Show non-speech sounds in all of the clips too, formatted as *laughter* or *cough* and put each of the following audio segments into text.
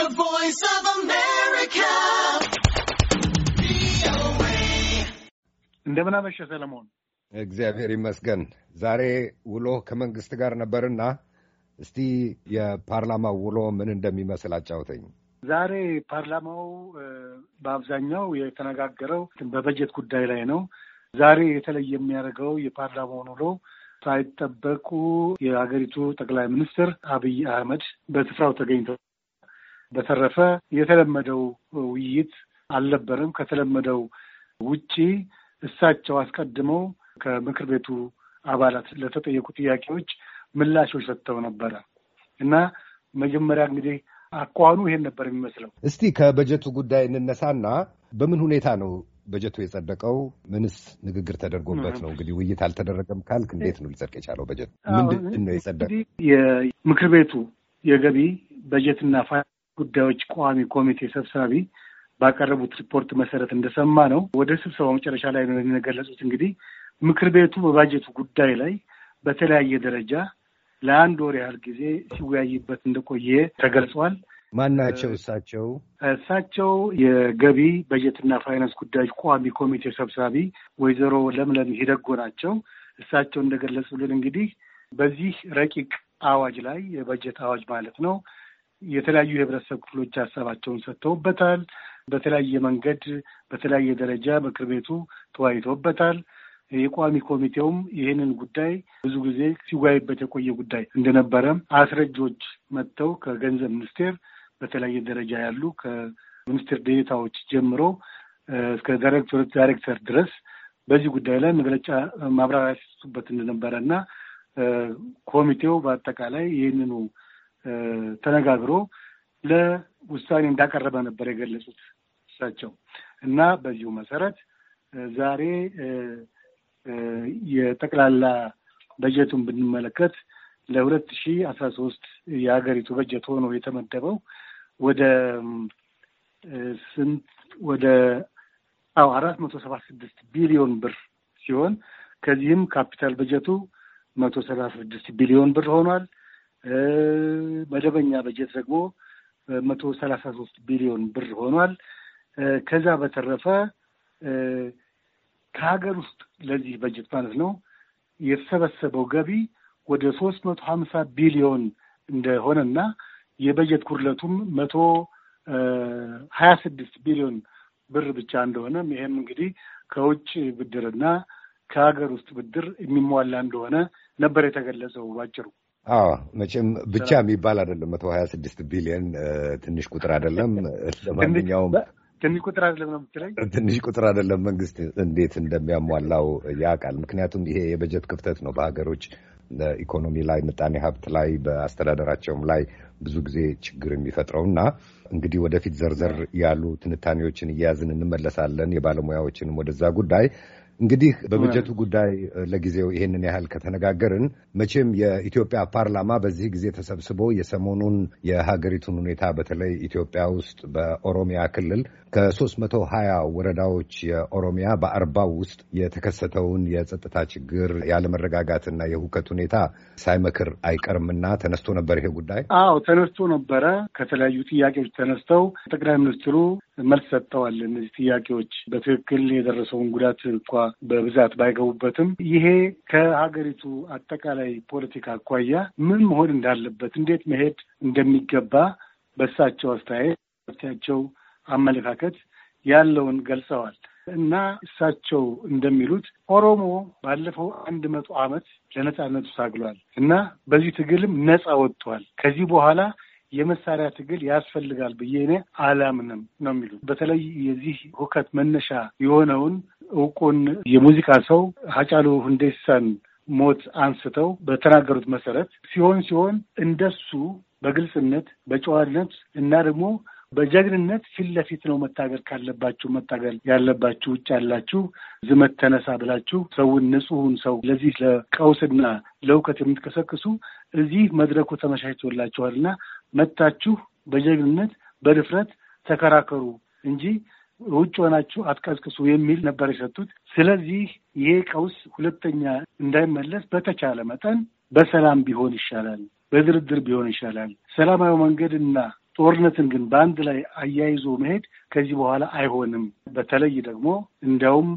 The Voice of America. እንደምን ሰለሞን። እግዚአብሔር ይመስገን። ዛሬ ውሎ ከመንግስት ጋር ነበርና እስቲ የፓርላማው ውሎ ምን እንደሚመስል አጫውተኝ። ዛሬ ፓርላማው በአብዛኛው የተነጋገረው በበጀት ጉዳይ ላይ ነው። ዛሬ የተለየ የሚያደርገው የፓርላማውን ውሎ ሳይጠበቁ የሀገሪቱ ጠቅላይ ሚኒስትር አብይ አህመድ በስፍራው ተገኝተው በተረፈ የተለመደው ውይይት አልነበረም። ከተለመደው ውጪ እሳቸው አስቀድመው ከምክር ቤቱ አባላት ለተጠየቁ ጥያቄዎች ምላሾች ሰጥተው ነበረ እና መጀመሪያ እንግዲህ አኳኑ ይሄን ነበር የሚመስለው። እስቲ ከበጀቱ ጉዳይ እንነሳና በምን ሁኔታ ነው በጀቱ የጸደቀው? ምንስ ንግግር ተደርጎበት ነው? እንግዲህ ውይይት አልተደረገም ካልክ እንዴት ነው ሊጸድቅ የቻለው? በጀት ምንድን ነው የጸደቀው? የምክር ቤቱ የገቢ በጀትና ጉዳዮች ቋሚ ኮሚቴ ሰብሳቢ ባቀረቡት ሪፖርት መሰረት እንደሰማ ነው ወደ ስብሰባው መጨረሻ ላይ ነው የገለጹት። እንግዲህ ምክር ቤቱ በባጀቱ ጉዳይ ላይ በተለያየ ደረጃ ለአንድ ወር ያህል ጊዜ ሲወያይበት እንደቆየ ተገልጿል። ማን ናቸው እሳቸው? እሳቸው የገቢ በጀትና ፋይናንስ ጉዳዮች ቋሚ ኮሚቴ ሰብሳቢ ወይዘሮ ለምለም ሂደጎ ናቸው። እሳቸው እንደገለጹልን እንግዲህ በዚህ ረቂቅ አዋጅ ላይ የበጀት አዋጅ ማለት ነው የተለያዩ የህብረተሰብ ክፍሎች ሀሳባቸውን ሰጥተውበታል። በተለያየ መንገድ በተለያየ ደረጃ ምክር ቤቱ ተወያይቶበታል። የቋሚ ኮሚቴውም ይህንን ጉዳይ ብዙ ጊዜ ሲወያይበት የቆየ ጉዳይ እንደነበረ አስረጆች መጥተው ከገንዘብ ሚኒስቴር በተለያየ ደረጃ ያሉ ከሚኒስትር ዴኤታዎች ጀምሮ እስከ ዳይሬክተር ዳይሬክተር ድረስ በዚህ ጉዳይ ላይ መግለጫ ማብራሪያ ሲሰጡበት እንደነበረ እና ኮሚቴው በአጠቃላይ ይህንኑ ተነጋግሮ ለውሳኔ እንዳቀረበ ነበር የገለጹት እሳቸው እና በዚሁ መሰረት ዛሬ የጠቅላላ በጀቱን ብንመለከት ለሁለት ሺ አስራ ሶስት የሀገሪቱ በጀት ሆኖ የተመደበው ወደ ስንት ወደ አዎ አራት መቶ ሰባ ስድስት ቢሊዮን ብር ሲሆን ከዚህም ካፒታል በጀቱ መቶ ሰላሳ ስድስት ቢሊዮን ብር ሆኗል። መደበኛ በጀት ደግሞ መቶ ሰላሳ ሶስት ቢሊዮን ብር ሆኗል። ከዛ በተረፈ ከሀገር ውስጥ ለዚህ በጀት ማለት ነው የተሰበሰበው ገቢ ወደ ሶስት መቶ ሀምሳ ቢሊዮን እንደሆነና የበጀት ጉድለቱም መቶ ሀያ ስድስት ቢሊዮን ብር ብቻ እንደሆነ ይህም እንግዲህ ከውጭ ብድርና ከሀገር ውስጥ ብድር የሚሟላ እንደሆነ ነበር የተገለጸው ባጭሩ። አዎ መቼም ብቻ የሚባል አይደለም። መቶ ሀያ ስድስት ቢሊዮን ትንሽ ቁጥር አይደለም። *laughs* ለማንኛውም ትንሽ ቁጥር አይደለም ነው የምትለኝ? ትንሽ ቁጥር አይደለም። መንግስት እንዴት እንደሚያሟላው ያውቃል። ምክንያቱም ይሄ የበጀት ክፍተት ነው በሀገሮች ኢኮኖሚ ላይ፣ ምጣኔ ሀብት ላይ፣ በአስተዳደራቸውም ላይ ብዙ ጊዜ ችግር የሚፈጥረው እና እንግዲህ ወደፊት ዘርዘር ያሉ ትንታኔዎችን እያያዝን እንመለሳለን የባለሙያዎችንም ወደዛ ጉዳይ እንግዲህ በበጀቱ ጉዳይ ለጊዜው ይህንን ያህል ከተነጋገርን መቼም የኢትዮጵያ ፓርላማ በዚህ ጊዜ ተሰብስቦ የሰሞኑን የሀገሪቱን ሁኔታ በተለይ ኢትዮጵያ ውስጥ በኦሮሚያ ክልል ከ320 ወረዳዎች የኦሮሚያ በአርባው ውስጥ የተከሰተውን የጸጥታ ችግር ያለመረጋጋትና የሁከት ሁኔታ ሳይመክር አይቀርምና ተነስቶ ነበር። ይሄ ጉዳይ አዎ ተነስቶ ነበረ። ከተለያዩ ጥያቄዎች ተነስተው ጠቅላይ ሚኒስትሩ መልስ ሰጥተዋል። እነዚህ ጥያቄዎች በትክክል የደረሰውን ጉዳት እንኳ በብዛት ባይገቡበትም ይሄ ከሀገሪቱ አጠቃላይ ፖለቲካ አኳያ ምን መሆን እንዳለበት፣ እንዴት መሄድ እንደሚገባ በእሳቸው አስተያየት ቸው አመለካከት ያለውን ገልጸዋል እና እሳቸው እንደሚሉት ኦሮሞ ባለፈው አንድ መቶ ዓመት ለነፃነቱ ታግሏል እና በዚህ ትግልም ነፃ ወጥቷል። ከዚህ በኋላ የመሳሪያ ትግል ያስፈልጋል ብዬ እኔ አላምንም ነው የሚሉት። በተለይ የዚህ ሁከት መነሻ የሆነውን እውቁን የሙዚቃ ሰው ሀጫሉ ሁንዴሳን ሞት አንስተው በተናገሩት መሰረት ሲሆን ሲሆን እንደሱ በግልጽነት በጨዋነት እና ደግሞ በጀግንነት ፊት ለፊት ነው መታገል ካለባችሁ መታገል ያለባችሁ። ውጭ ያላችሁ ዝመት ተነሳ ብላችሁ ሰውን ንጹሁን ሰው ለዚህ ለቀውስና ለእውከት የምትቀሰቅሱ እዚህ መድረኩ ተመቻችቶላችኋልና መታችሁ በጀግንነት በድፍረት ተከራከሩ እንጂ ውጭ ሆናችሁ አትቀስቅሱ የሚል ነበር የሰጡት። ስለዚህ ይሄ ቀውስ ሁለተኛ እንዳይመለስ በተቻለ መጠን በሰላም ቢሆን ይሻላል፣ በድርድር ቢሆን ይሻላል። ሰላማዊ መንገድና ጦርነትን ግን በአንድ ላይ አያይዞ መሄድ ከዚህ በኋላ አይሆንም። በተለይ ደግሞ እንዲያውም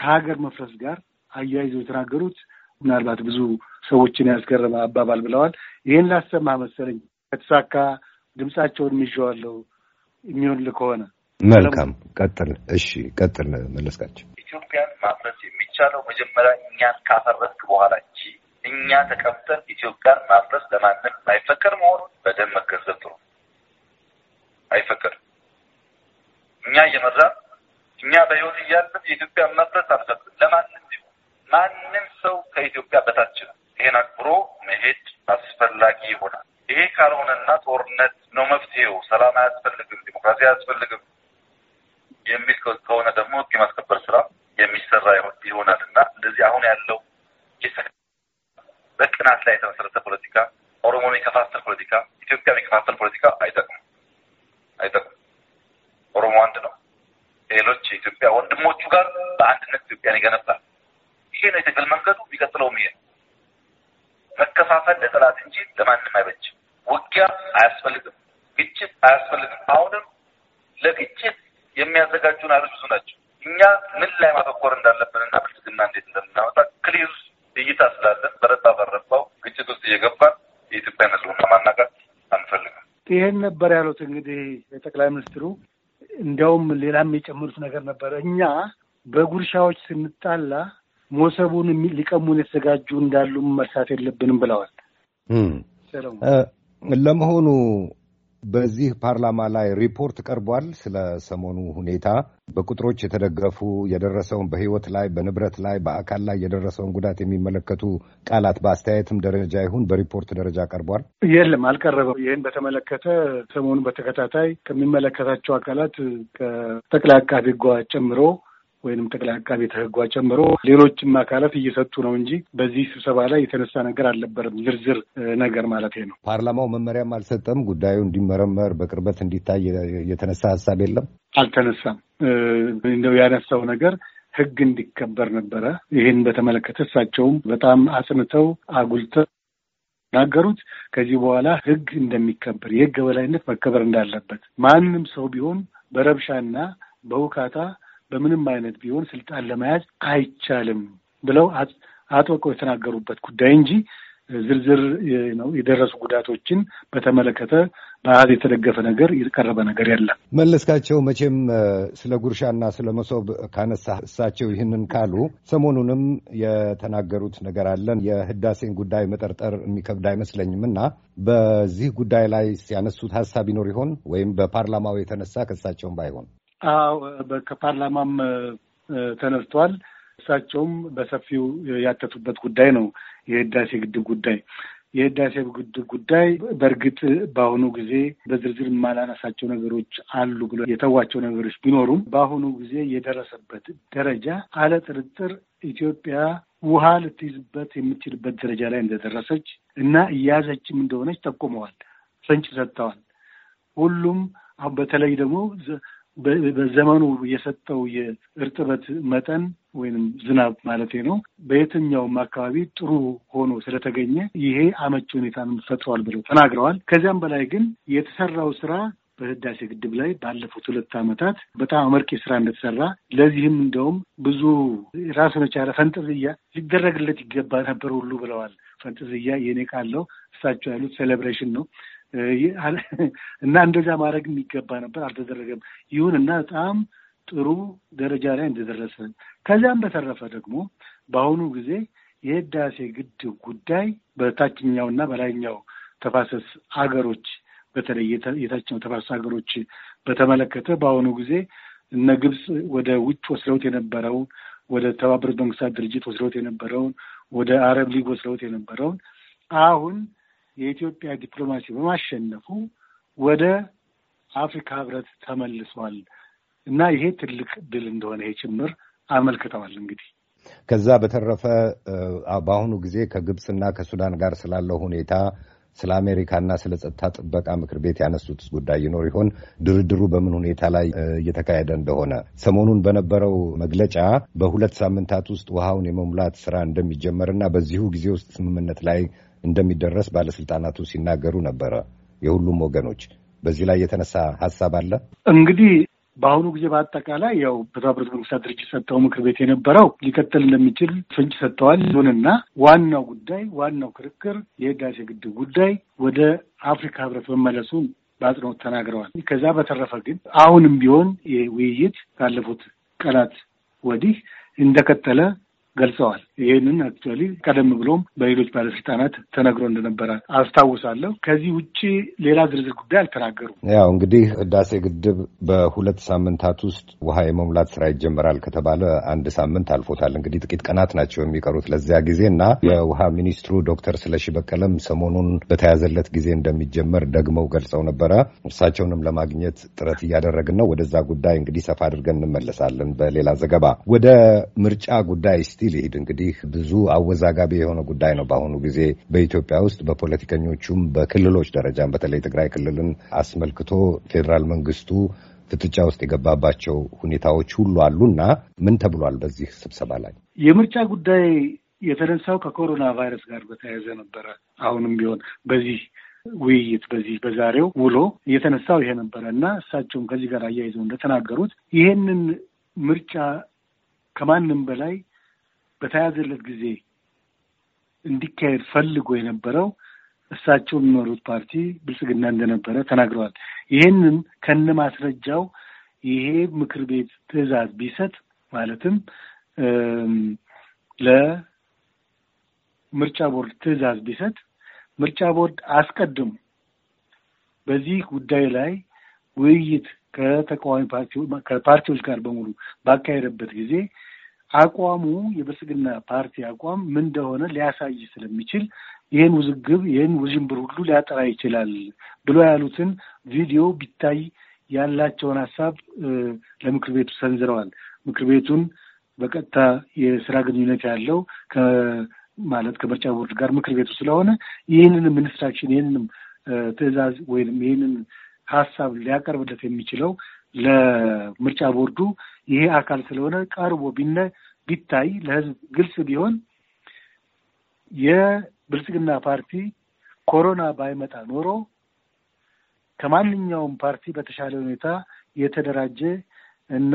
ከሀገር መፍረስ ጋር አያይዞ የተናገሩት ምናልባት ብዙ ሰዎችን ያስገረመ አባባል ብለዋል። ይህን ላሰማህ መሰለኝ ከተሳካ ድምጻቸውን ይዤዋለሁ የሚሆን ከሆነ መልካም። ቀጥል። እሺ ቀጥል መለስካቸው። ኢትዮጵያን ማፍረስ የሚቻለው መጀመሪያ እኛን ካፈረስክ በኋላ እንጂ እኛ ተቀምጠን ኢትዮጵያን ማፍረስ ለማንም አይፈቀድ መሆኑን በደንብ መገንዘብ ጥሩ። አይፈቀድም። እኛ እየመራን እኛ በህይወት እያለን የኢትዮጵያን መፍረስ አንፈቅድም ለማንም ቢሆን። ማንም ሰው ከኢትዮጵያ በታች ነው። ይሄን አክብሮ መሄድ አስፈላጊ ይሆናል። ይሄ ካልሆነና ጦርነት ነው መፍትሄው፣ ሰላም አያስፈልግም፣ ዲሞክራሲ አያስፈልግም የሚል ከሆነ ደግሞ ህግ የማስከበር ስራ የሚሰራ ይሆናል እና እንደዚህ አሁን ያለው በቅናት ላይ የተመሰረተ ፖለቲካ፣ ኦሮሞ የሚከፋፈል ፖለቲካ፣ ኢትዮጵያ የሚከፋፈል ፖለቲካ አይጠቅም አይጠቅም። ኦሮሞ አንድ ነው። ሌሎች የኢትዮጵያ ወንድሞቹ ጋር በአንድነት ኢትዮጵያን ይገነባል። ይሄ ነው የትግል መንገዱ። የሚቀጥለውም ይሄ ነው። መከፋፈል ለጠላት እንጂ ለማንም አይበጅም። ውጊያ አያስፈልግም፣ ግጭት አያስፈልግም። አሁንም ለግጭት የሚያዘጋጁን ኃይሎች ብዙ ናቸው። እኛ ምን ላይ ማተኮር እንዳለብን እንዳለብንና ብልጽግና እንዴት እንደምናመጣ ክሊር እይታ ስላለን በረባ በረባው ግጭት ውስጥ እየገባን የኢትዮጵያን ሕዝብና ማናጋት አንፈልግም። ይህን ነበር ያሉት እንግዲህ የጠቅላይ ሚኒስትሩ። እንዲያውም ሌላም የጨመሩት ነገር ነበር። እኛ በጉርሻዎች ስንጣላ ሞሰቡን ሊቀሙን የተዘጋጁ እንዳሉ መርሳት የለብንም ብለዋል ሰለሞን። ለመሆኑ በዚህ ፓርላማ ላይ ሪፖርት ቀርቧል? ስለ ሰሞኑ ሁኔታ በቁጥሮች የተደገፉ የደረሰውን በሕይወት ላይ በንብረት ላይ በአካል ላይ የደረሰውን ጉዳት የሚመለከቱ ቃላት በአስተያየትም ደረጃ ይሁን በሪፖርት ደረጃ ቀርቧል? የለም፣ አልቀረበም። ይህን በተመለከተ ሰሞኑን በተከታታይ ከሚመለከታቸው አካላት ከጠቅላይ አቃቤ ሕግ ጨምሮ ወይንም ጠቅላይ አቃቢ ተህጓ ጨምሮ ሌሎችም አካላት እየሰጡ ነው እንጂ በዚህ ስብሰባ ላይ የተነሳ ነገር አልነበረም። ዝርዝር ነገር ማለት ነው። ፓርላማው መመሪያም አልሰጠም። ጉዳዩ እንዲመረመር በቅርበት እንዲታይ የተነሳ ሀሳብ የለም፣ አልተነሳም። እንደው ያነሳው ነገር ህግ እንዲከበር ነበረ። ይህን በተመለከተ እሳቸውም በጣም አጽንተው አጉልተው ናገሩት። ከዚህ በኋላ ህግ እንደሚከበር የህግ የበላይነት መከበር እንዳለበት ማንም ሰው ቢሆን በረብሻና በውካታ በምንም አይነት ቢሆን ስልጣን ለመያዝ አይቻልም ብለው አጥብቀው የተናገሩበት ጉዳይ እንጂ ዝርዝር ነው የደረሱ ጉዳቶችን በተመለከተ በአሃዝ የተደገፈ ነገር የቀረበ ነገር የለም። መለስካቸው፣ መቼም ስለ ጉርሻና ስለ መሶብ ካነሳ እሳቸው ይህንን ካሉ ሰሞኑንም የተናገሩት ነገር አለን የህዳሴን ጉዳይ መጠርጠር የሚከብድ አይመስለኝም እና በዚህ ጉዳይ ላይ ያነሱት ሀሳብ ይኖር ይሆን ወይም በፓርላማው የተነሳ ከእሳቸውም ባይሆን አዎ ከፓርላማም ተነስቷል። እሳቸውም በሰፊው ያተቱበት ጉዳይ ነው የህዳሴ ግድብ ጉዳይ። የህዳሴ ግድብ ጉዳይ በእርግጥ በአሁኑ ጊዜ በዝርዝር የማላነሳቸው ነገሮች አሉ ብሎ የተዋቸው ነገሮች ቢኖሩም በአሁኑ ጊዜ የደረሰበት ደረጃ አለ ጥርጥር ኢትዮጵያ ውሃ ልትይዝበት የምትችልበት ደረጃ ላይ እንደደረሰች እና እያዘችም እንደሆነች ጠቁመዋል፣ ፍንጭ ሰጥተዋል። ሁሉም በተለይ ደግሞ በዘመኑ የሰጠው የእርጥበት መጠን ወይም ዝናብ ማለት ነው በየትኛውም አካባቢ ጥሩ ሆኖ ስለተገኘ ይሄ አመች ሁኔታን ፈጥሯል ብለው ተናግረዋል። ከዚያም በላይ ግን የተሰራው ስራ በህዳሴ ግድብ ላይ ባለፉት ሁለት ዓመታት በጣም አመርቂ ስራ እንደተሰራ ለዚህም እንደውም ብዙ ራሱን የቻለ ፈንጠዝያ ሊደረግለት ይገባ ነበር ሁሉ ብለዋል። ፈንጠዝያ የኔ ቃለው እሳቸው ያሉት ሴሌብሬሽን ነው። *laughs* እና እንደዛ ማድረግ የሚገባ ነበር፣ አልተደረገም። ይሁን እና በጣም ጥሩ ደረጃ ላይ እንደደረሰ ከዚያም በተረፈ ደግሞ በአሁኑ ጊዜ የህዳሴ ግድብ ጉዳይ በታችኛውና በላይኛው ተፋሰስ አገሮች በተለይ የታችኛው ተፋሰስ ሀገሮች በተመለከተ በአሁኑ ጊዜ እነ ግብፅ ወደ ውጭ ወስደውት የነበረውን ወደ ተባበሩት መንግስታት ድርጅት ወስደውት የነበረውን ወደ አረብ ሊግ ወስደውት የነበረውን አሁን የኢትዮጵያ ዲፕሎማሲ በማሸነፉ ወደ አፍሪካ ህብረት ተመልሷል እና ይሄ ትልቅ ድል እንደሆነ ይሄ ጭምር አመልክተዋል። እንግዲህ ከዛ በተረፈ በአሁኑ ጊዜ ከግብፅና ከሱዳን ጋር ስላለው ሁኔታ ስለ አሜሪካና ስለ ጸጥታ ጥበቃ ምክር ቤት ያነሱት ጉዳይ ይኖር ይሆን? ድርድሩ በምን ሁኔታ ላይ እየተካሄደ እንደሆነ ሰሞኑን በነበረው መግለጫ በሁለት ሳምንታት ውስጥ ውሃውን የመሙላት ስራ እንደሚጀመርና በዚሁ ጊዜ ውስጥ ስምምነት ላይ እንደሚደረስ ባለስልጣናቱ ሲናገሩ ነበረ። የሁሉም ወገኖች በዚህ ላይ የተነሳ ሀሳብ አለ። እንግዲህ በአሁኑ ጊዜ በአጠቃላይ ያው በተባበሩት መንግስታት ድርጅት ሰጥተው ምክር ቤት የነበረው ሊቀጥል እንደሚችል ፍንጭ ሰጥተዋል። ይሁንና ዋናው ጉዳይ ዋናው ክርክር የህዳሴ ግድብ ጉዳይ ወደ አፍሪካ ህብረት መመለሱ በአጽንኦት ተናግረዋል። ከዛ በተረፈ ግን አሁንም ቢሆን ይህ ውይይት ካለፉት ቀናት ወዲህ እንደቀጠለ ገልጸዋል። ይህንን አክቹዋሊ ቀደም ብሎም በሌሎች ባለስልጣናት ተነግሮ እንደነበረ አስታውሳለሁ። ከዚህ ውጭ ሌላ ዝርዝር ጉዳይ አልተናገሩም። ያው እንግዲህ ህዳሴ ግድብ በሁለት ሳምንታት ውስጥ ውሃ የመሙላት ስራ ይጀመራል ከተባለ አንድ ሳምንት አልፎታል። እንግዲህ ጥቂት ቀናት ናቸው የሚቀሩት ለዚያ ጊዜ እና የውሃ ሚኒስትሩ ዶክተር ስለሺ በቀለም ሰሞኑን በተያዘለት ጊዜ እንደሚጀመር ደግመው ገልጸው ነበረ። እርሳቸውንም ለማግኘት ጥረት እያደረግን ነው። ወደዛ ጉዳይ እንግዲህ ሰፋ አድርገን እንመለሳለን በሌላ ዘገባ። ወደ ምርጫ ጉዳይ ስቲል ይሂድ እንግዲህ እንግዲህ ብዙ አወዛጋቢ የሆነ ጉዳይ ነው በአሁኑ ጊዜ በኢትዮጵያ ውስጥ በፖለቲከኞቹም በክልሎች ደረጃም በተለይ ትግራይ ክልልን አስመልክቶ ፌዴራል መንግስቱ ፍጥጫ ውስጥ የገባባቸው ሁኔታዎች ሁሉ አሉና ምን ተብሏል በዚህ ስብሰባ ላይ? የምርጫ ጉዳይ የተነሳው ከኮሮና ቫይረስ ጋር በተያያዘ ነበረ። አሁንም ቢሆን በዚህ ውይይት በዚህ በዛሬው ውሎ የተነሳው ይሄ ነበረ እና እሳቸውም ከዚህ ጋር አያይዘው እንደተናገሩት ይሄንን ምርጫ ከማንም በላይ በተያዘለት ጊዜ እንዲካሄድ ፈልጎ የነበረው እሳቸው የሚመሩት ፓርቲ ብልጽግና እንደነበረ ተናግረዋል። ይህንን ከነ ማስረጃው ይሄ ምክር ቤት ትዕዛዝ ቢሰጥ ማለትም ለምርጫ ቦርድ ትዕዛዝ ቢሰጥ ምርጫ ቦርድ አስቀድሞ በዚህ ጉዳይ ላይ ውይይት ከተቃዋሚ ፓርቲዎች ጋር በሙሉ ባካሄደበት ጊዜ አቋሙ የብልጽግና ፓርቲ አቋም ምን እንደሆነ ሊያሳይ ስለሚችል ይህን ውዝግብ ይህን ውዥንብር ሁሉ ሊያጠራ ይችላል ብሎ ያሉትን ቪዲዮ ቢታይ ያላቸውን ሀሳብ ለምክር ቤቱ ሰንዝረዋል። ምክር ቤቱን በቀጥታ የስራ ግንኙነት ያለው ማለት ከምርጫ ቦርድ ጋር ምክር ቤቱ ስለሆነ ይህንንም ኢንስትራክሽን ይህንንም ትዕዛዝ ወይም ይህንን ሀሳብ ሊያቀርብለት የሚችለው ለምርጫ ቦርዱ ይሄ አካል ስለሆነ ቀርቦ ቢነ ቢታይ ለህዝብ ግልጽ ቢሆን የብልጽግና ፓርቲ ኮሮና ባይመጣ ኖሮ ከማንኛውም ፓርቲ በተሻለ ሁኔታ የተደራጀ እና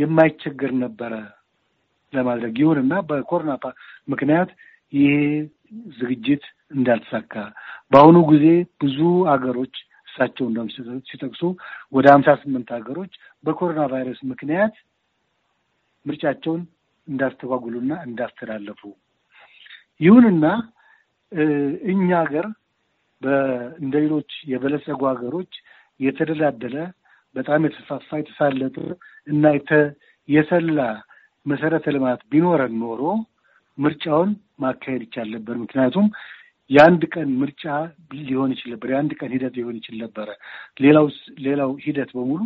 የማይቸገር ነበረ ለማድረግ። እና በኮሮና ምክንያት ይሄ ዝግጅት እንዳልተሳካ በአሁኑ ጊዜ ብዙ አገሮች እሳቸው እንደውም ሲጠቅሱ ወደ ሀምሳ ስምንት ሀገሮች በኮሮና ቫይረስ ምክንያት ምርጫቸውን እንዳስተጓጉሉና እንዳስተላለፉ። ይሁንና እኛ ሀገር እንደ ሌሎች የበለጸጉ ሀገሮች የተደላደለ በጣም የተስፋፋ የተሳለጠ እና የሰላ መሰረተ ልማት ቢኖረን ኖሮ ምርጫውን ማካሄድ ይቻል ነበር። ምክንያቱም የአንድ ቀን ምርጫ ሊሆን ይችል ነበር። የአንድ ቀን ሂደት ሊሆን ይችል ነበረ። ሌላው ሌላው ሂደት በሙሉ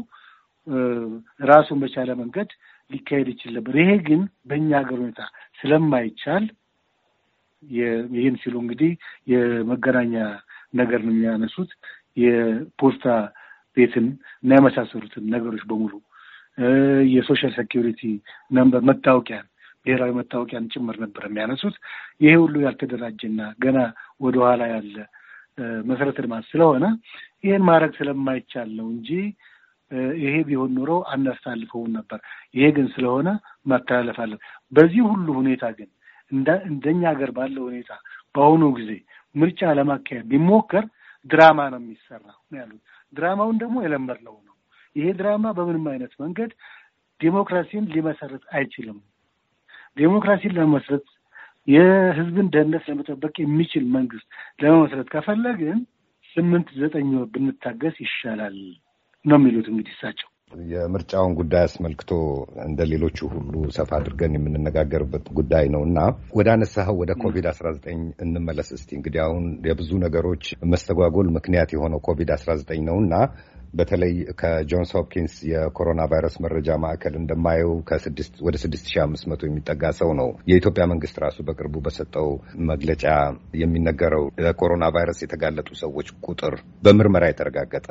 ራሱን በቻለ መንገድ ሊካሄድ ይችል ነበር። ይሄ ግን በእኛ ሀገር ሁኔታ ስለማይቻል ይህን ሲሉ እንግዲህ የመገናኛ ነገር ነው የሚያነሱት የፖስታ ቤትን እና የመሳሰሉትን ነገሮች በሙሉ የሶሻል ሴኪሪቲ ነምበር መታወቂያን ብሔራዊ መታወቂያን ጭምር ነበር የሚያነሱት። ይሄ ሁሉ ያልተደራጀና ገና ወደኋላ ያለ መሰረተ ልማት ስለሆነ ይህን ማድረግ ስለማይቻል ነው እንጂ ይሄ ቢሆን ኖሮ አናስተላልፈውን ነበር። ይሄ ግን ስለሆነ ማተላለፍ አለን። በዚህ ሁሉ ሁኔታ ግን እንደኛ ሀገር ባለው ሁኔታ በአሁኑ ጊዜ ምርጫ ለማካሄድ ቢሞከር ድራማ ነው የሚሰራው ነው ያሉት። ድራማውን ደግሞ የለመድነው ነው። ይሄ ድራማ በምንም አይነት መንገድ ዲሞክራሲን ሊመሰርት አይችልም። ዴሞክራሲን ለመስረት የህዝብን ደህንነት ለመጠበቅ የሚችል መንግስት ለመመስረት ከፈለግን ስምንት ዘጠኝ ወር ብንታገስ ይሻላል ነው የሚሉት እንግዲህ እሳቸው። የምርጫውን ጉዳይ አስመልክቶ እንደ ሌሎቹ ሁሉ ሰፋ አድርገን የምንነጋገርበት ጉዳይ ነው እና ወደ አነሳኸው ወደ ኮቪድ አስራ ዘጠኝ እንመለስ እስቲ። እንግዲህ አሁን የብዙ ነገሮች መስተጓጎል ምክንያት የሆነው ኮቪድ አስራ ዘጠኝ ነው እና በተለይ ከጆንስ ሆፕኪንስ የኮሮና ቫይረስ መረጃ ማዕከል እንደማየው ወደ 6500 የሚጠጋ ሰው ነው። የኢትዮጵያ መንግስት ራሱ በቅርቡ በሰጠው መግለጫ የሚነገረው ለኮሮና ቫይረስ የተጋለጡ ሰዎች ቁጥር በምርመራ የተረጋገጠ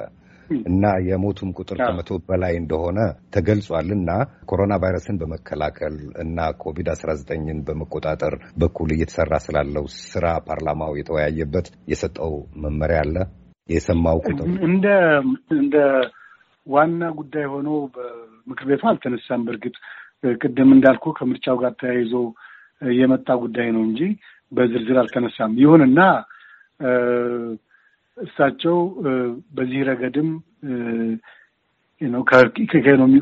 እና የሞቱም ቁጥር ከመቶ በላይ እንደሆነ ተገልጿል። እና ኮሮና ቫይረስን በመከላከል እና ኮቪድ 19ን በመቆጣጠር በኩል እየተሰራ ስላለው ስራ ፓርላማው የተወያየበት የሰጠው መመሪያ አለ። የሰማው ቁጥር እንደ እንደ ዋና ጉዳይ ሆኖ በምክር ቤቱ አልተነሳም። በእርግጥ ቅድም እንዳልኩ ከምርጫው ጋር ተያይዞ የመጣ ጉዳይ ነው እንጂ በዝርዝር አልተነሳም። ይሁንና እሳቸው በዚህ ረገድም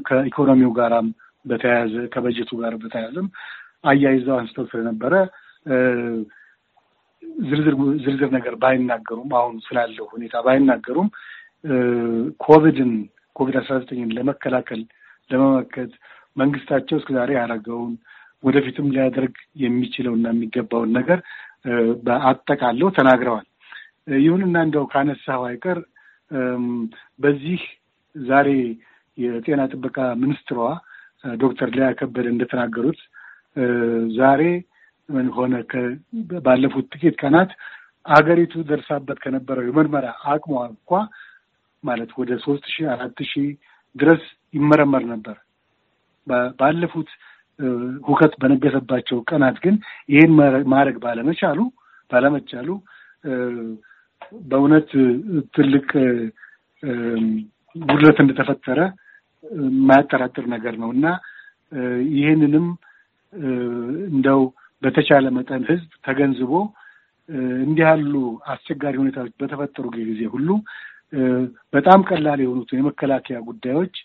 ከኢኮኖሚው ጋራም በተያያዘ ከበጀቱ ጋር በተያያዘም አያይዘው አንስተው ስለነበረ ዝርዝር ዝርዝር ነገር ባይናገሩም አሁን ስላለው ሁኔታ ባይናገሩም ኮቪድን ኮቪድ አስራ ዘጠኝን ለመከላከል ለመመከት መንግስታቸው እስከዛሬ ያደረገውን ወደፊትም ሊያደርግ የሚችለውና የሚገባውን ነገር በአጠቃለው ተናግረዋል። ይሁንና እንደው ካነሳው አይቀር በዚህ ዛሬ የጤና ጥበቃ ሚኒስትሯ ዶክተር ሊያ ከበደ እንደተናገሩት ዛሬ ሆነ ባለፉት ጥቂት ቀናት አገሪቱ ደርሳበት ከነበረው የምርመራ አቅሟ እንኳ ማለት ወደ ሶስት ሺህ አራት ሺህ ድረስ ይመረመር ነበር። ባለፉት ሁከት በነገሰባቸው ቀናት ግን ይህን ማድረግ ባለመቻሉ ባለመቻሉ በእውነት ትልቅ ጉድለት እንደተፈጠረ የማያጠራጥር ነገር ነው እና ይህንንም እንደው በተቻለ መጠን ህዝብ ተገንዝቦ እንዲህ ያሉ አስቸጋሪ ሁኔታዎች በተፈጠሩ ጊዜ ሁሉ በጣም ቀላል የሆኑትን የመከላከያ ጉዳዮች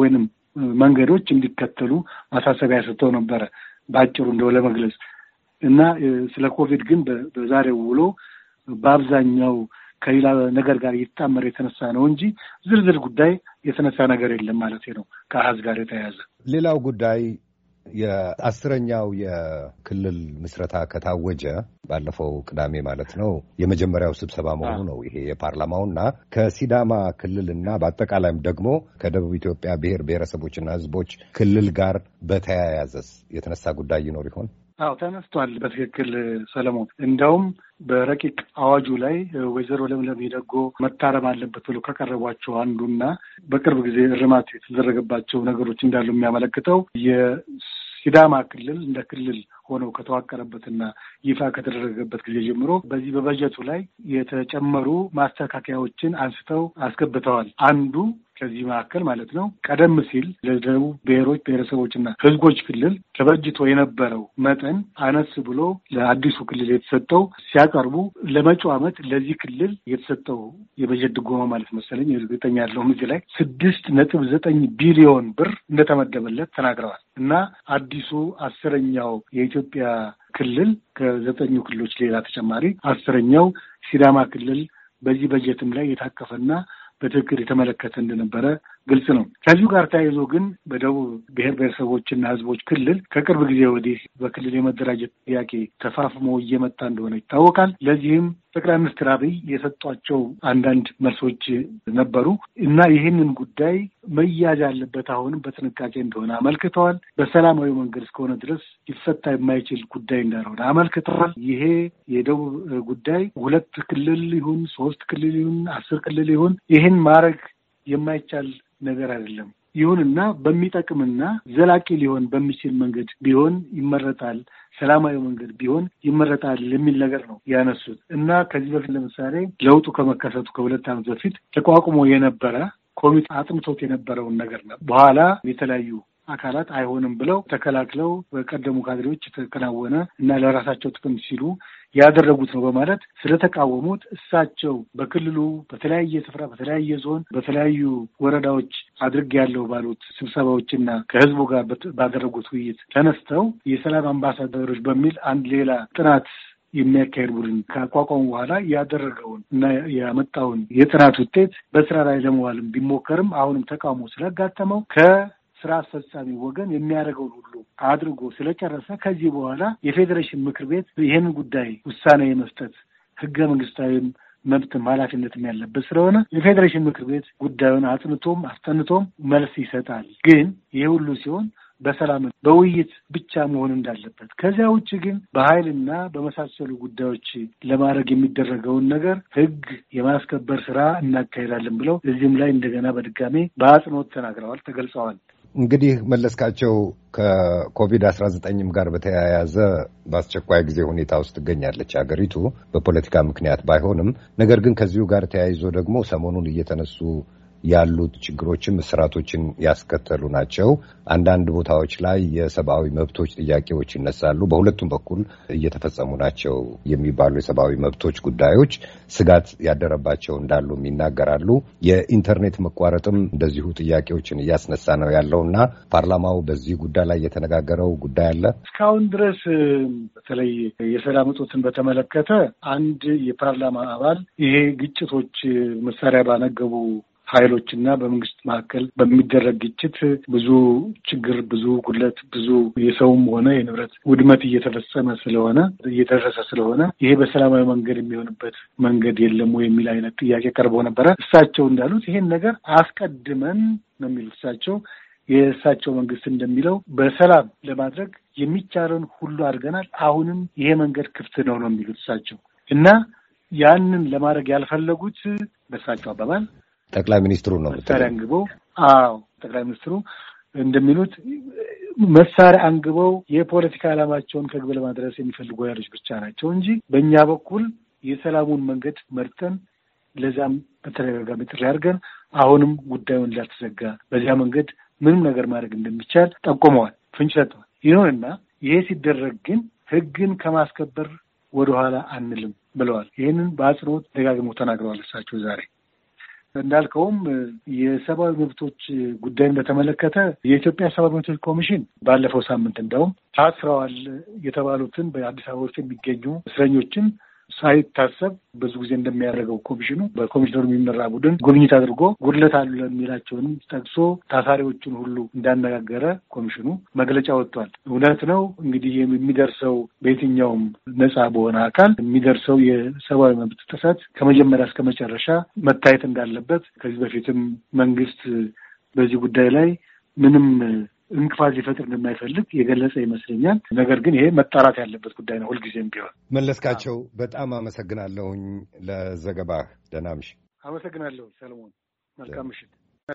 ወይንም መንገዶች እንዲከተሉ ማሳሰቢያ ሰጥተው ነበረ። በአጭሩ እንደው ለመግለጽ እና ስለ ኮቪድ ግን በዛሬው ውሎ በአብዛኛው ከሌላ ነገር ጋር እየተጣመረ የተነሳ ነው እንጂ ዝርዝር ጉዳይ የተነሳ ነገር የለም ማለት ነው፣ ከአሃዝ ጋር የተያያዘ ሌላው ጉዳይ የአስረኛው የክልል ምስረታ ከታወጀ ባለፈው ቅዳሜ ማለት ነው የመጀመሪያው ስብሰባ መሆኑ ነው ይሄ የፓርላማው እና ከሲዳማ እና በአጠቃላይም ደግሞ ከደቡብ ኢትዮጵያ ብሔር ብሔረሰቦችና ህዝቦች ክልል ጋር በተያያዘስ የተነሳ ጉዳይ ይኖር ይሆን? አዎ ተነስቷል። በትክክል ሰለሞን እንደውም በረቂቅ አዋጁ ላይ ወይዘሮ ለምለም ሄደጎ መታረም አለበት ብሎ ከቀረቧቸው አንዱና በቅርብ ጊዜ እርማት የተደረገባቸው ነገሮች እንዳሉ የሚያመለክተው የሲዳማ ክልል እንደ ክልል ሆነው ከተዋቀረበትና ይፋ ከተደረገበት ጊዜ ጀምሮ በዚህ በበጀቱ ላይ የተጨመሩ ማስተካከያዎችን አንስተው አስገብተዋል። አንዱ ከዚህ መካከል ማለት ነው ቀደም ሲል ለደቡብ ብሔሮች ብሔረሰቦችና ሕዝቦች ክልል ተበጅቶ የነበረው መጠን አነስ ብሎ ለአዲሱ ክልል የተሰጠው ሲያቀርቡ ለመጪው ዓመት ለዚህ ክልል የተሰጠው የበጀት ድጎማ ማለት መሰለኝ እርግጠኛ ያለው እዚህ ላይ ስድስት ነጥብ ዘጠኝ ቢሊዮን ብር እንደተመደበለት ተናግረዋል እና አዲሱ አስረኛው የኢትዮ የኢትዮጵያ ክልል ከዘጠኙ ክልሎች ሌላ ተጨማሪ አስረኛው ሲዳማ ክልል በዚህ በጀትም ላይ የታቀፈና በትክክል የተመለከተ እንደነበረ ግልጽ ነው። ከዚሁ ጋር ተያይዞ ግን በደቡብ ብሔር ብሔረሰቦችና ህዝቦች ክልል ከቅርብ ጊዜ ወዲህ በክልል የመደራጀት ጥያቄ ተፋፍሞ እየመጣ እንደሆነ ይታወቃል። ለዚህም ጠቅላይ ሚኒስትር አብይ የሰጧቸው አንዳንድ መልሶች ነበሩ እና ይህንን ጉዳይ መያዝ ያለበት አሁንም በጥንቃቄ እንደሆነ አመልክተዋል። በሰላማዊ መንገድ እስከሆነ ድረስ ሊፈታ የማይችል ጉዳይ እንዳልሆነ አመልክተዋል። ይሄ የደቡብ ጉዳይ ሁለት ክልል ይሁን ሶስት ክልል ይሁን አስር ክልል ይሁን ይህን ማድረግ የማይቻል ነገር አይደለም። ይሁንና በሚጠቅምና ዘላቂ ሊሆን በሚችል መንገድ ቢሆን ይመረጣል፣ ሰላማዊ መንገድ ቢሆን ይመረጣል የሚል ነገር ነው ያነሱት እና ከዚህ በፊት ለምሳሌ ለውጡ ከመከሰቱ ከሁለት ዓመት በፊት ተቋቁሞ የነበረ ኮሚቴ አጥንቶት የነበረውን ነገር ነው በኋላ የተለያዩ አካላት አይሆንም ብለው ተከላክለው በቀደሙ ካድሬዎች የተከናወነ እና ለራሳቸው ጥቅም ሲሉ ያደረጉት ነው በማለት ስለተቃወሙት እሳቸው በክልሉ በተለያየ ስፍራ በተለያየ ዞን በተለያዩ ወረዳዎች አድርግ ያለው ባሉት ስብሰባዎችና ከህዝቡ ጋር ባደረጉት ውይይት ተነስተው የሰላም አምባሳደሮች በሚል አንድ ሌላ ጥናት የሚያካሄድ ቡድን ካቋቋሙ በኋላ ያደረገውን እና ያመጣውን የጥናት ውጤት በስራ ላይ ለመዋልም ቢሞከርም አሁንም ተቃውሞ ስላጋጠመው ከ ስራ አስፈጻሚ ወገን የሚያደርገውን ሁሉ አድርጎ ስለጨረሰ ከዚህ በኋላ የፌዴሬሽን ምክር ቤት ይህን ጉዳይ ውሳኔ የመስጠት ህገ መንግስታዊም መብትም ኃላፊነትም ያለበት ስለሆነ የፌዴሬሽን ምክር ቤት ጉዳዩን አጥንቶም አስጠንቶም መልስ ይሰጣል። ግን ይህ ሁሉ ሲሆን በሰላም በውይይት ብቻ መሆን እንዳለበት ከዚያ ውጭ ግን በኃይልና በመሳሰሉ ጉዳዮች ለማድረግ የሚደረገውን ነገር ህግ የማስከበር ስራ እናካሄዳለን ብለው እዚህም ላይ እንደገና በድጋሜ በአጽንኦት ተናግረዋል፣ ተገልጸዋል። እንግዲህ መለስካቸው ከኮቪድ 19 ጋር በተያያዘ በአስቸኳይ ጊዜ ሁኔታ ውስጥ ትገኛለች ሀገሪቱ በፖለቲካ ምክንያት ባይሆንም፣ ነገር ግን ከዚሁ ጋር ተያይዞ ደግሞ ሰሞኑን እየተነሱ ያሉት ችግሮችም እስራቶችን ያስከተሉ ናቸው። አንዳንድ ቦታዎች ላይ የሰብአዊ መብቶች ጥያቄዎች ይነሳሉ። በሁለቱም በኩል እየተፈጸሙ ናቸው የሚባሉ የሰብአዊ መብቶች ጉዳዮች ስጋት ያደረባቸው እንዳሉም ይናገራሉ። የኢንተርኔት መቋረጥም እንደዚሁ ጥያቄዎችን እያስነሳ ነው ያለው እና ፓርላማው በዚህ ጉዳይ ላይ የተነጋገረው ጉዳይ አለ። እስካሁን ድረስ በተለይ የሰላም እጦትን በተመለከተ አንድ የፓርላማ አባል ይሄ ግጭቶች መሳሪያ ባነገቡ ኃይሎችና በመንግስት መካከል በሚደረግ ግጭት ብዙ ችግር፣ ብዙ ጉድለት፣ ብዙ የሰውም ሆነ የንብረት ውድመት እየተፈጸመ ስለሆነ እየደረሰ ስለሆነ ይሄ በሰላማዊ መንገድ የሚሆንበት መንገድ የለም የሚል አይነት ጥያቄ ቀርቦ ነበረ። እሳቸው እንዳሉት ይሄን ነገር አስቀድመን ነው የሚሉት እሳቸው የእሳቸው መንግስት እንደሚለው በሰላም ለማድረግ የሚቻለውን ሁሉ አድርገናል። አሁንም ይሄ መንገድ ክፍት ነው ነው የሚሉት እሳቸው እና ያንን ለማድረግ ያልፈለጉት በእሳቸው አባባል ጠቅላይ ሚኒስትሩ ነው መሳሪያ አንግበው። አዎ ጠቅላይ ሚኒስትሩ እንደሚሉት መሳሪያ አንግበው የፖለቲካ ዓላማቸውን ከግብ ለማድረስ የሚፈልጉ ኃይሎች ብቻ ናቸው እንጂ በእኛ በኩል የሰላሙን መንገድ መርጠን ለዛም በተደጋጋሚ ጥሪ አድርገን አሁንም ጉዳዩን እንዳልተዘጋ በዚያ መንገድ ምንም ነገር ማድረግ እንደሚቻል ጠቁመዋል፣ ፍንጭ ሰጥተዋል። ይሁንና ይሄ ሲደረግ ግን ህግን ከማስከበር ወደኋላ አንልም ብለዋል። ይህንን በአጽንኦት ደጋግመው ተናግረዋል። እሳቸው ዛሬ እንዳልከውም የሰብአዊ መብቶች ጉዳይን በተመለከተ የኢትዮጵያ ሰብአዊ መብቶች ኮሚሽን ባለፈው ሳምንት እንደውም ታስረዋል የተባሉትን በአዲስ አበባ ውስጥ የሚገኙ እስረኞችን ሳይታሰብ ብዙ ጊዜ እንደሚያደርገው ኮሚሽኑ በኮሚሽነሩ የሚመራ ቡድን ጉብኝት አድርጎ ጉድለት አሉ የሚላቸውንም ጠቅሶ ታሳሪዎቹን ሁሉ እንዳነጋገረ ኮሚሽኑ መግለጫ ወጥቷል። እውነት ነው እንግዲህ የሚደርሰው በየትኛውም ነጻ በሆነ አካል የሚደርሰው የሰብአዊ መብት ጥሰት ከመጀመሪያ እስከ መጨረሻ መታየት እንዳለበት ከዚህ በፊትም መንግስት በዚህ ጉዳይ ላይ ምንም እንቅፋት ሊፈጥር እንደማይፈልግ የገለጸ ይመስለኛል። ነገር ግን ይሄ መጣራት ያለበት ጉዳይ ነው ሁልጊዜም ቢሆን። መለስካቸው በጣም አመሰግናለሁኝ ለዘገባህ። ደህና ምሽት። አመሰግናለሁ ሰለሞን። መልካም ምሽት።